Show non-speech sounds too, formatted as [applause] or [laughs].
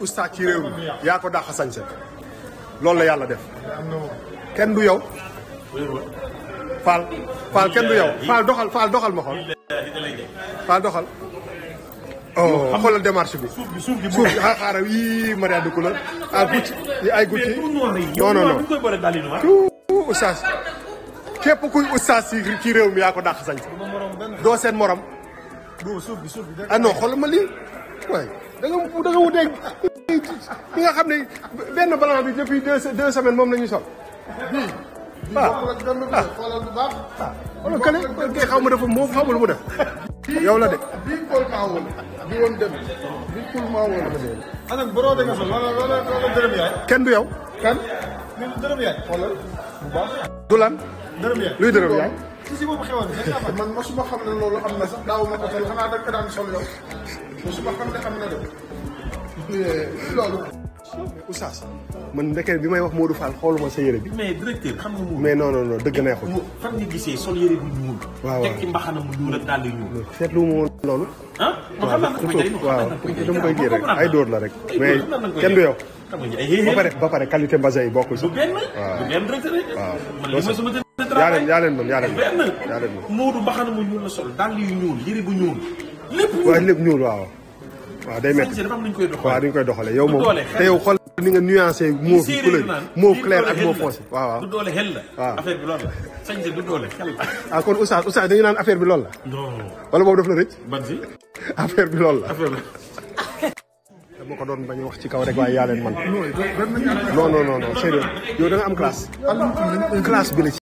oustaz ci réew mi yaa ko dàq sañse loolu la yàlla def kenn du yow faal faal kenn du yow faal doxal faal doxal ma xool faal doxal oh xoolal démarche bi suuf bi suuf bi xaaral yii Maria Dukku la ah Gucci yi ay Gucci non non non tout oustaz képp kuy oustaz si ci réew mi yaa ko dàq sañse doo seen morom ah non ma lii waay da nga da nga wuteeg bi bi nga xam ne benn blanc bi depuis deux deux semaines moom la ñuy sol. waaw waaw kële kay xaw ma dafa moo xaw ma lu mu def. yow la de. bii kool maa woon bi woon dem bii kool maa woon la de. ana boroo de nga sol wala wala wala dërëm yaay. kenn du yow. kan ni dërëm yaay. wala bu baax. du lan. dërëm yaay luy dërëm yaay. si si boobu xewoon [laughs] man mosuma xam ne loolu am na sax daaw ma ko sol xanaa da nga ko daan sol yow mosuma xam ne am na de. loolu. man ndeke bi may wax Modou Fall xooluma sa yére bi. mais directeur mais non non dëgg neexul. fan nga gisee sol yére bi ñuul. waaw teg mu ñuul ah? dama koy kii rek ay dóor la rek. mais kenn du ba pare ba pare qualité mbasa yi bokkul. du benn du benn directeur waaw yaa leen yaa leen mën yaa leen mën yaa leen mën. Moodu mbaxana mu ñuul la sol dàll yu ñuul yére bu ñuul lépp ñuul waaw. waaw day métti waaw dañ koy doxalee yow moom te yow xool ni nga nuancé mot bi couleur mot clair ak mot ah kon oustaz oustaz dañu naan affaire bi loolu la non wala boobu daf la rëcc ban si affaire bi loolu la affaire bi dama ko doon bañ wax ci kaw rek waaye yaa leen man non non non am classe classe